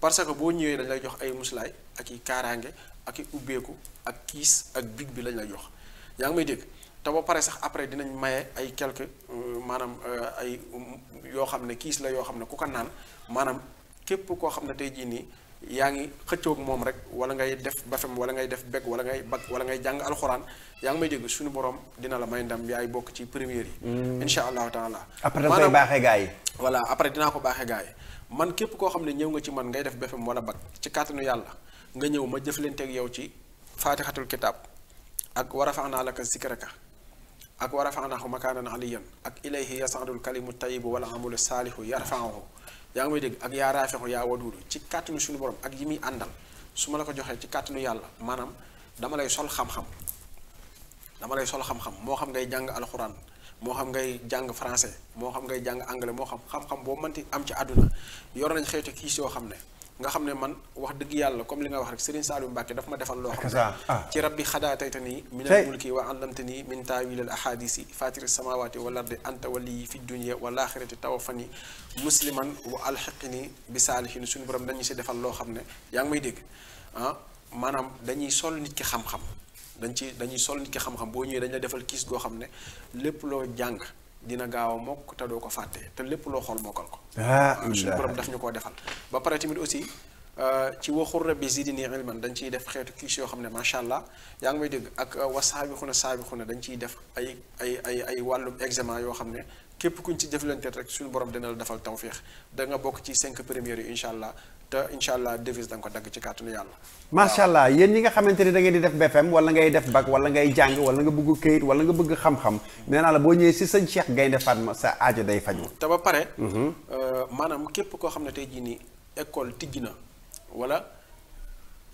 parce que boo ñëwee dañ lay jox ay muslaay ak i kaaraange ak i ubbeeku ak kiis ak big bi lañ lay jox yaa ngi may dégg te ba pare sax après dinañ maye ay quelque euh, maanaam euh, ay mm, yoo xam ne kiis la yoo xam ne ku ko naan maanaam képp koo xam ne tey jii nii yaa ngi xëccoog moom rek wala ngay def bafem wala ngay def beg wala ngay bag wala ngay jàng alxuraan yaa ngi may dégg suñu borom dina la may ndam yaay bokk ci première yi. Mm. incha allahu taala. après da koy baaxee gars yi. voilà après dinaa ko baaxee gars yi man képp koo xam ne ñëw nga ci man ngay def bafem wala bag ci kàttanu yàlla nga ñëw ma jëf jëflanteeg yow ci faatixatul kitaab ak fax naa la ka zikraka ak wa rafanahu makaanan aliyan ak ilayhi yasadul kalimu tayibu wal amulu salihu, yarfa'uhu ya ngi deg ak ya raafixu ya wadudu ci kàttanu sunu borom ak yimi andal suma la ko joxe ci kàttanu yalla manam dama lay sol xam-xam dama lay sol xam-xam mo xam ngay jàng alxuraan mo xam ngay jang français mo xam ngay jang anglais mo xam xam-xam bo manti am ci aduna yor nañ xeyta ki so xamne nga xamne man wax deug yàlla comme li nga wax rek Serigne Saliou mbake daf ma defal lo xam ci rabbi khada taytani minal mulki wa allamtani min ta'wil al ahadisi as samawati wal ardi anta wali fi dunya wal akhirati tawafani musliman wa alhiqni bi salihin suñu borom dañu ci defal lo xamne ne ngi may deg han manam dañuy sol nit ki xam-xam dañ ci dañuy sol nit ki xam-xam bo ñewé dañ la defal kiss go xamne lépp lo jàng dina gaaw a mokk te doo ko fàtte te lépp loo xool mokkal ko. Ah, suñu borom daf ñu koo defal. ba pare tamit aussi euh, ci waxur rabbi zidni ilman dañ ciy def xeetu kiis yoo xam ne macha allah yaa ngi may dégg ak euh, wasaabixuna saabixuna dañ ciy def ay ay ay ay wàllum examen yoo xam ne képp kuñ ci jëflante rek suñu borom dina la defal tawféex da nga bokk ci cinq première yi incha allah. te incha allah devise da nga ko dagg ci kàttanu yàlla. macha allah yéen ñi nga xamante ni da ngeen di def BFM wala ngay def bac wala ngay jàng wala nga bëgg këyit wala nga bëgg xam-xam. nee naa la boo ñëwee si sëñ Cheikh Gaynde ma sa ajo day faju te ba pare. Mhm. Euh, maanaam képp koo xam ne tey jii nii école tijji na wala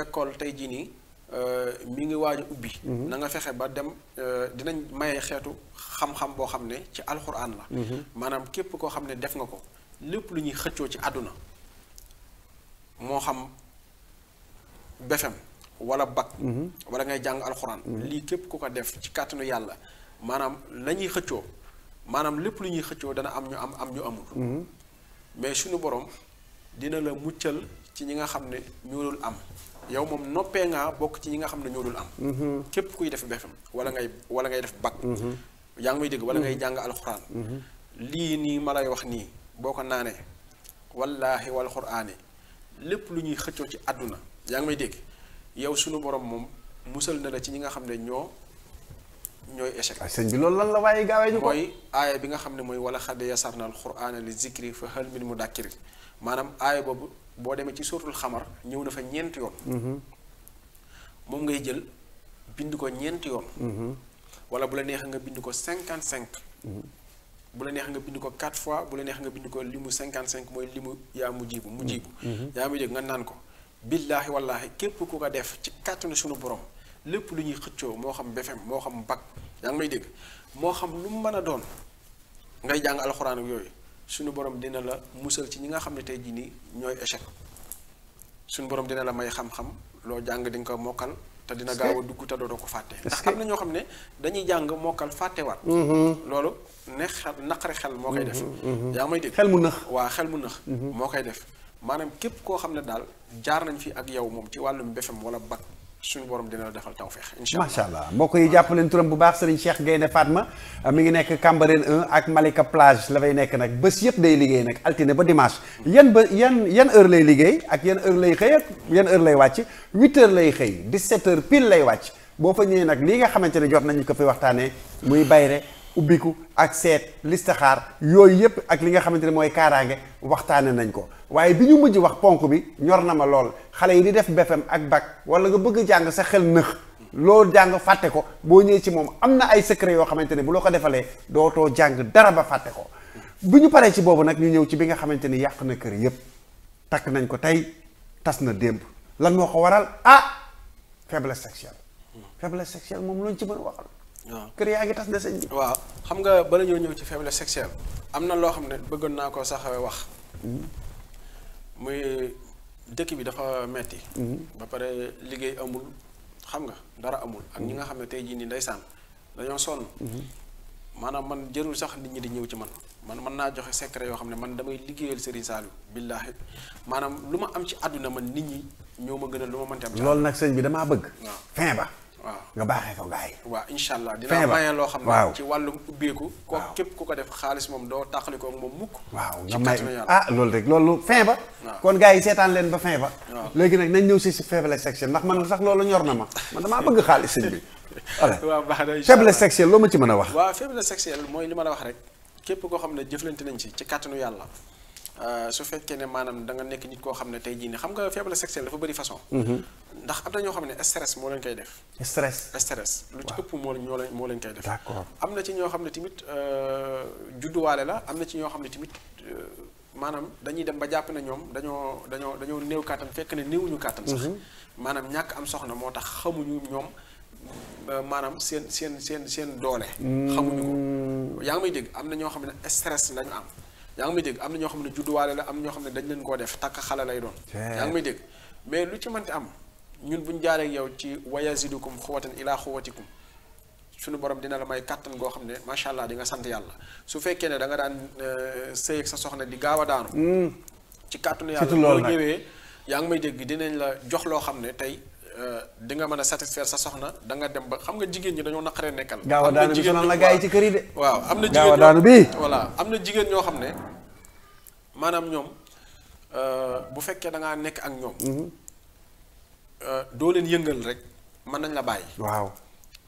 école tey jii nii euh, mi ngi waaj ubbi. Mhm. na nga fexe ba dem euh, dinañ maye xeetu xam-xam boo xam ne ci alxuraan la. Mhm. maanaam képp koo xam ne def nga ko lépp lu ñuy xëccoo ci àdduna. moo xam BFEM wala bac mhm. wala ngay jàng alxuraan mhm. lii képp ku ko def ci kàttanu yàlla maanaam lañuy xëccoo maanaam lépp lu ñuy xëccoo dana am ñu am am ñu amul mhm. mais suñu borom dina la muccal ci ñi nga xam ne ñoo am yow moom noppee ngaa bokk ci ñi nga xam ne ñoo am képp kuy def BFEM wala ngay wala ngay def bac yaa ngi may dégg wala ngay jàng alxuraan lii nii ma lay wax nii boo ko naanee wallaahi wal xuraani lépp lu ñuy xëccoo ci àdduna yaa ngi may dégg yow sunu borom moom musal na la ci ñi nga xam ne ñoo ñooy échec sëñ loolu lan la waaye gaawee ñu ko mooy aaya bi nga xam ne mooy wala xadde yasarna al qur'ana li zikri fa hal min mudakkiri maanaam aaya boobu boo demee ci suratul xamar ñëw na fa ñeenti yoon mm-hmm. moom ngay jël bind ko ñeenti yoon mm-hmm. wala bu la neex nga bind ko cinquante cinq mm-hmm. bu la neex nga bind ko quatre fois bu la neex nga bind ko limu cinquante cinq mooy limu yaa mu jiibu mu jiibu mm-hmm. mm-hmm. yaa mu jég nga naan ko billaahi wallaahi képp ku ko def ci kàttanu sunu borom lépp lu ñuy xëccoo moo xam befem moo xam bag yaa ngi may dégg moo xam lu mu mën a doon ngay jàng alxuraan yooyu sunu borom dina la musal ci ñi nga xam ne tey jii nii ñooy échec sunu borom dina la may xam-xam loo jàng di ko mokkal te dina gaaw a dugg te ko fàtte. ndax am na ñoo xam ne dañuy jàng mokkal fàttewaat. Mm-hmm. loolu ne xel naqari xel moo koy def. Mm-hmm, mm-hmm. yaa may dégg xel mu nëx. waa xel mu nëx. moo koy def maanaam képp koo xam ne daal jaar nañ fi ak yow moom ci wàllu BFEM wala BAC. suñu borom dina la defal tawféex. incha allah allah mbokk yi jàpp leen turam bu baax Serigne Cheikh Gaynde Fatma uh, mi ngi nekk Cambérène 1 ak Malika Plage la fay nekk nag bës yëpp day liggéey nag altine ba dimanche. yan ba yan yan heure lay liggéey ak yan heure lay xëy ak yan heure lay wàcc 8 lay xëy di heures pile lay wàcc boo fa ñëwee nag lii nga xamante ne jot nañu ko fi waxtaanee muy bayre ubbiku ak seet listaxaar yooyu yépp ak li nga xamante ne mooy kaaraange waxtaane nañ ko waaye bi ñu mujj wax ponk bi ñor na ma lool xale yi di def BFEM ak bac wala nga bëgg jàng sa xel nëx loo jàng fàtte ko boo ñëwee ci moom am na ay secret yoo xamante ne bu loo ko defalee dootoo jàng dara ba fàtte ko bu ñu paree ci boobu nag ñu ñëw ci bi nga xamante ni yàq na kër yépp takk nañ ko tey tas na démb lan moo ko waral ah faiblesse sexuelle faiblesse sexuelle moom luñ ci mën a waaw kër yaa ngi tas de sëñ bi. waaw xam nga bala ñoo ñëw ci faiblesse sexuelle am na loo xam ne ko sax wax. Hmm. muy dëkk bi dafa metti hmm. ba pare liggéey amul xam nga dara amul. ak ñi nga xam ne tey jii nii ndeysaan dañoo sonn. Hmm. maanaam man jërul sax nit ñi di ñëw ci man man mën naa joxe secret yoo xam ne man damay liggéeyal Serigne Saliou billaahi maanaam lu am ci àdduna man nit ñi ñoo ma gënal lu ma am. loolu nag sëñ bi dama bëgg. fin ba. waaw nga baaxee ko gars yi. waaw incha allah dina maye loo xam ne ci wàllu ubbeeku. ko képp ku ko def xaalis moom doo tàqali ko ak moom mukk. waaw nga may ah loolu rek loolu fin ba. kon gaa yi seetaan leen ba fin ba. léegi nag nañ ñëw si si faible section ndax man sax loolu ñor na ma man damaa bëgg xaalis sëñ bi. waaw baax na faible section loo ma ci mën a wax. waaw faible section mooy li ma la wax rek képp koo xam ne jëflante nañ si ci kàttanu yàlla Euh, su fekkee ne maanaam da nga nekk nit koo xam ne tey jii ne xam nga faiblesse sexuelle dafa bëri façon. Mhm. ndax am na ñoo xam ne stress moo leen koy def. stress stress. lu ci ëpp moo moo moo leen koy def. d'accord am na ci ñoo xam ne tamit euh, judduwaale la am na ci ñoo xam ne tamit euh, maanaam dañuy dem ba jàpp ne ñoom dañoo dañoo dañoo néew kàttan fekk ne néewuñu kàttan sax. Mhm. maanaam ñàkk am soxna moo tax xamuñu ñoom. maanaam seen seen seen seen doole. Mm. xamuñu ngi may dégg am na ñoo xam ne stress lañu am. yaa ngi may dégg am na ñoo xam ne judduwaale la am ñoo xam ne dañ leen koo def takk xale lay doon yaa ngi may dégg mais lu ci mënti am ñun buñ jaaree ak yow ci wayazidukum xuwatan ilaa xuwatikum suñu borom dina la may kàttan goo xam ne macha allah di nga sant yàlla su fekkee ne danga nga daan euh, sëy sa soxna di gaaw a daanu hmm. ci kàttanu yàlla boo ñëwee yaa ngi may dégg dinañ la jox loo xam ne tey Eh, di nga mën satisfaire sa soxna da nga dem ba xam nga jigen ñi dañoo naqaree nekkal. gawa daanu bi sonal na gars ci keri de. waaw amna jigen gawa daanu bi. voilà amna jigen ño xamne manam ñom euh bu fekke da nga nekk ak ñom mhm. euh do leen yëngal rek man nañ la bayyi waaw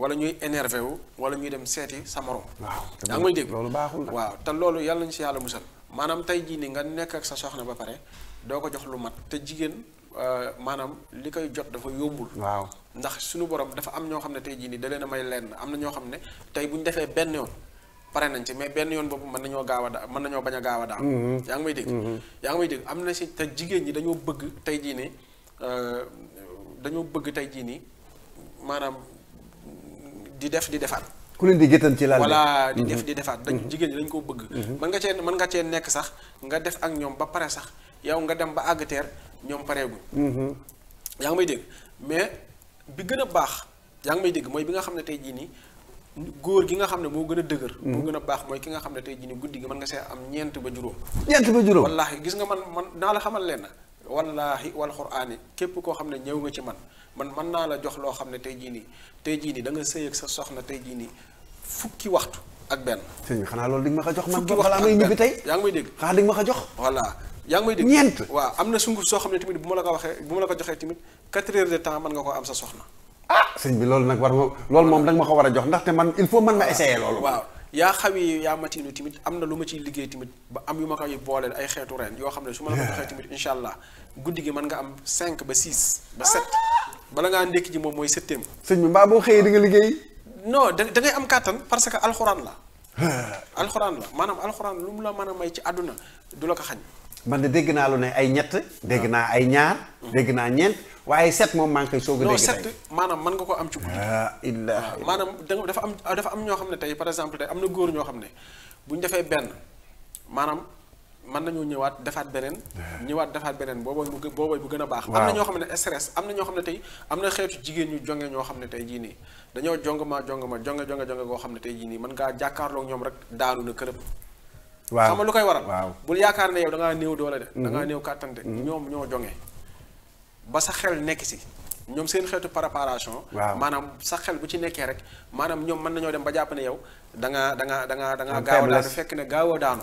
wala ñuy énervé wu wala ñuy dem séti sa morom. waaw da nga may deg lolu baaxul waaw ta lolu yalla nañ ci yalla musal manam tay ji ni nga nekk ak sa soxna ba pare doko jox lu mat te jigen euh, maanaam li koy jot dafa yombul. waw ndax suñu borom dafa am ño xamne tay tey jii nii da may len am ño xamne tay buñ defé ben yon paré nañ ci mais ben yon bop man nañoo gawa da man nañoo baña gawa da a mm-hmm. may dégg. Mm-hmm. yaa may dégg am na si te jigéen ñi dañoo bëgg tey jii nii euh, dañoo bëgg tay jii nii di def di defat ku leen di géttan ci laal wala di mm-hmm. def di defat dañ jigéen dañ ko bëgg. man nga ci man nga ci nek sax nga def ak ñom ba paré sax yow nga dem ba ag ter àggateer ñoom pareeguñ. hmm yang may dégg mais bi gëna bax yang may dégg moy bi nga xamné tay ji ni goor gi nga xamné mo gëna gën mo mm-hmm. gëna bax moy ki nga xamné tay ji ni guddigi man nga sé am ñent ba juroom ñent ba juroom wallahi gis nga man man na la xamal leen wallahi wal qur'ani képp ko xam ñew nga ci man man man na la jox lo xam tay tey jii nii tey jii da nga sey ak sa soxna tay jii nii fukki waxtu ak ben sëñ xana lolou ding ma ka jox man. fukki waxtu ak benn balaa may ñibbi tey. yaa may deg xana ding ma ka jox. wala yaa ngi may dégg ñeent waaw am na sunguf soo xam ne tamit bu ma la ko waxee bu ma la ko joxee tamit quatre heures de temps mën nga koo am sa soxna ah sëñ bi loolu nag war loolu moom da nga ma ko war a jox ndaxte man il faut man ma essayer loolu waaw yaa xaw yi yaa matinu tamit am na lu ma ciy liggéey tamit ba am yu ma koy booleel ay xeetu reen yoo xam ne su ma la ko joxee tamit incha allah guddi gi mën nga am cinq ba six ba sept bala ngaa ndékki ji moom mooy septième sëñ bi mbaa boo xëyee di nga liggéey non da da am kàttan parce que alxuraan la alxuraan la maanaam alxuraan lu mu la mën a may ci àdduna du la ko xañ. man de dégg naa lu ne ay ñett. dégg ah. naa ay ñaar. dégg naa ñeent waaye set moom maa ngi koy soog a. dégg non maanaam mën nga ko am ci guddi. Ah, illah ah, maanaam dafa am dafa am ñoo xam ne tey par exemple day am na góor ñoo xam ne bu ñu defee benn maanaam mën nañoo ñëwaat defaat beneen ñëwaat defaat beneen boobooy mu boobooy bu gën a baax am na ñoo xam ne stress am na ñoo xam ne tey am na xeetu jigéen ñu jonge ñoo xam ne tey jii nii dañoo jong ma jong ma jonge jonge goo xam ne tey jii nii mën ngaa jàkkaarloog ñoom rek daanu na kërëb waaw xam nga lu koy waral waaw bul yaakaar ne yow da néew doole de mm-hmm. da ngaa néew kàttante mm-hmm. ñoom ñoo jonge ba sa xel nekk si ñoom seen xeetu préparation. maanaam sa xel bu ci nekkee rek maanaam ñoom mën nañoo dem ba jàpp ne yow da nga da nga da nga daanu fekk ne gaaw a daanu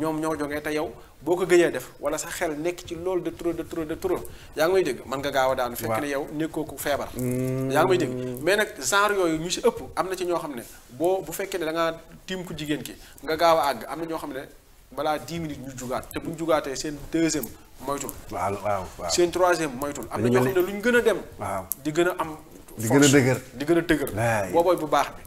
ñoom ñoo jógee te yow boo ko gëjee def wala sa xel nekk ci lool de trop de trop de trop yaa ngi may dégg mën nga gaaw a daanu fekk ne yow nekkoo ku feebar mm. yaa ngi may dégg mais nag genre yooyu ñu si ëpp am na ci ñoo xam ne boo bu fekkee ne da tiim ku jigéen ki nga gaaw a àgg am na ñoo xam ne balaa 10 ñu jugaat te bu jugaatee seen deuxième moytul. waaw waaw waaw seen troisième moytul. am na ñoo xam ne lu ñu gën a dem. waaw di gën a am. di gën a dëgër di gën a dëgër. boobooy bu baax bi.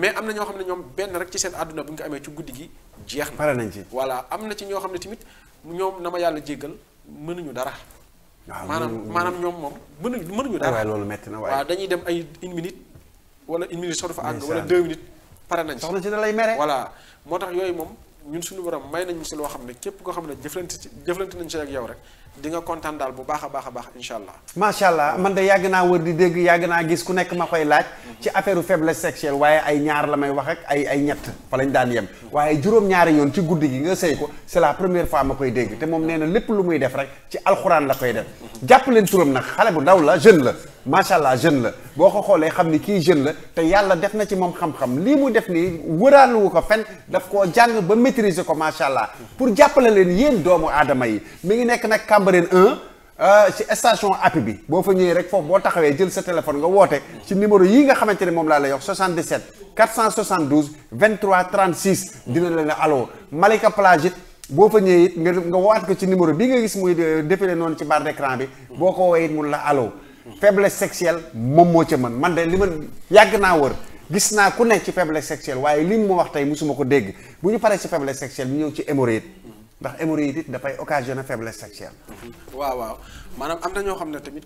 mais am na ñoo xam ne ñoom benn rek ci seen àdduna bu ñu ko amee ci guddi gi jeex na. pare nañ ci na ci ñoo xam ne tamit ñoom na ma yàlla jéggal nañu dara. waaw maanaam maanaam ñoom moom mënuñu mënuñu dara. waaye loolu metti na waaye dañuy dem ay une minute wala une minute soo dafa àgg wala deux minutes pare nañ ci soxna si da lay mere voilà moo tax yooyu moom ñun suñu borom may nañu si loo xam ne képp koo xam ne jëflante ci jëflante nañ si ak yow rek di nga kontaan daal bu baax a baax a baax incha allah. macha allah man de yàgg naa wër di dégg yàgg naa gis ku nekk ma koy laaj. Mhm. ci affaire faiblesse sexuelle waaye ay ñaar la may wax ak ay ay ñett fa lañ daan yem. waaye juróom-ñaari yoon ci guddi gi nga sëy ko c'est la première fois ma koy dégg te moom nee na lépp lu muy def rek ci alxuraan la koy def. Mhm. jàpp leen turam na xale bu ndaw la jeune la macha allah jeune la boo ko xoolee xam ni kii jeune la te yàlla def na ci moom xam-xam mu def nii wëraaluwu ko fen daf koo jàng ba maîtriser ko macha allah mhm. pour jàppale leen yéen doomu aadama yi Cambérène euh, station API bi boo fa ñëwee rek foofu boo taxawee jël sa téléphone nga woote ci numéro yi nga xamante ne moom laa lay wax 77 472 23 36 dina la ne allo Malika Plage it boo fa ñëwee it nga nga waat ko ci numéro bi nga gis muy euh, défilé noonu ci barre d'écran bi boo ko woowee it mun la allo faiblesse sexuelle moom moo ca mën man de li ma yàgg naa wër gis naa ku ne ci faiblesse sexuelle waaye li mu ma wax tey mosuma ko dégg bu ñu paree ci faiblesse sexuelle ñu ñëw ci hémorroïde ndax hémorroïde it dafay occasionner faiblesse sexuelle. waaw waaw maanaam am na ñoo xam ne tamit